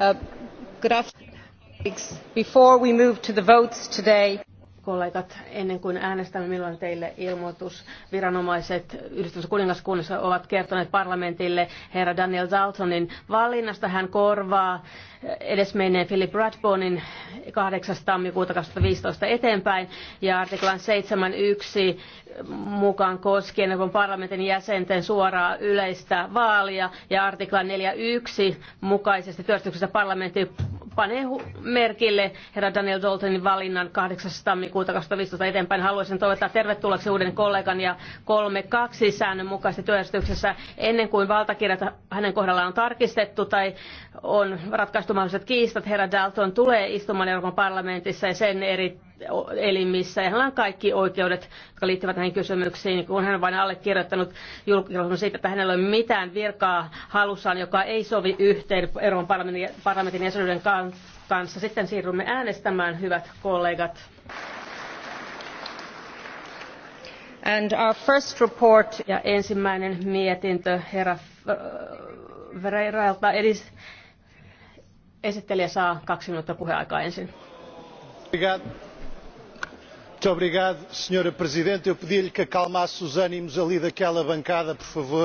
Uh, before we move to the votes today kollegat, ennen kuin äänestämme, milloin teille ilmoitus. Viranomaiset yhdistyksessä kuningaskunnassa ovat kertoneet parlamentille herra Daniel Daltonin valinnasta. Hän korvaa edesmenneen Philip Radbonin 8. tammikuuta 2015 eteenpäin ja artiklan 7.1 mukaan koskien Euroopan parlamentin jäsenten suoraa yleistä vaalia ja artiklan 4.1 mukaisesti työstyksessä parlamentti panee merkille herra Daniel Daltonin valinnan 8. tammikuuta 2015 eteenpäin. Haluaisin toivottaa tervetulleeksi uuden kollegan ja kolme kaksi säännön mukaisesti työjärjestyksessä ennen kuin valtakirjat hänen kohdallaan on tarkistettu tai on ratkaistu mahdolliset kiistat. Herra Dalton tulee istumaan Euroopan parlamentissa ja sen eri elimissä. Ja hänellä on kaikki oikeudet, jotka liittyvät näihin kysymyksiin, kun hän on vain allekirjoittanut julkilausun siitä, että hänellä ei ole mitään virkaa halussaan, joka ei sovi yhteen Euroopan parlamentin, jäsenyyden kanssa. Sitten siirrymme äänestämään, hyvät kollegat. And our first report. Ja ensimmäinen mietintö herra äh, Verreiralta. Esittelijä saa kaksi minuuttia puheaikaa ensin senhora presidente eu pedia lhe que acalmasse os ânimos ali daquela bancada por favor.